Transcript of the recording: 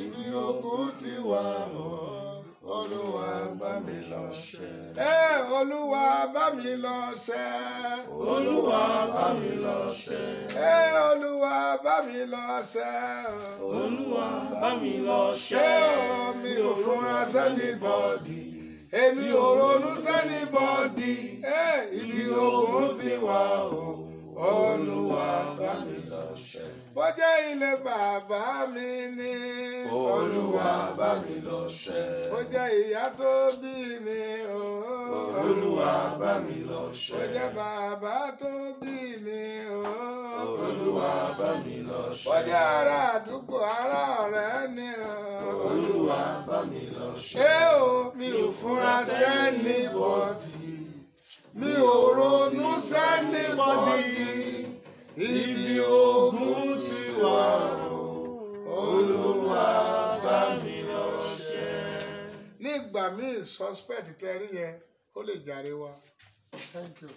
ibi ogun ti wà o olúwa bá mi lọ ṣẹ́. ẹ olúwa bá mi lọ ṣẹ́. olúwa bá mi lọ ṣẹ́. ẹ olúwa bá mi lọ ṣẹ́. olúwa bá mi lọ ṣẹ́. ṣé mi ò fura sẹ́ni bọ́ọ̀dì èmi ò ronú sẹ́ni bọ́ọ̀dì ibi ogun ti wà o olúwa bá mi lọ ṣẹ́. bó ilé bàbá mi ni olúwa bá mi lọ ṣe. ó jẹ́ ìyá tó bí mi o. olúwa bá mi lọ ṣe. ó jẹ́ bàbá tó bí mi o. olúwa bá mi lọ ṣe. ó jẹ́ ará àdúgbò ará ọ̀rẹ́ ni o. olúwa bá mi lọ ṣe. ṣé o mi ò fura sẹ́ni. ìgbà míì suspect tẹ́rí yẹn ó lè jàre wa thank you.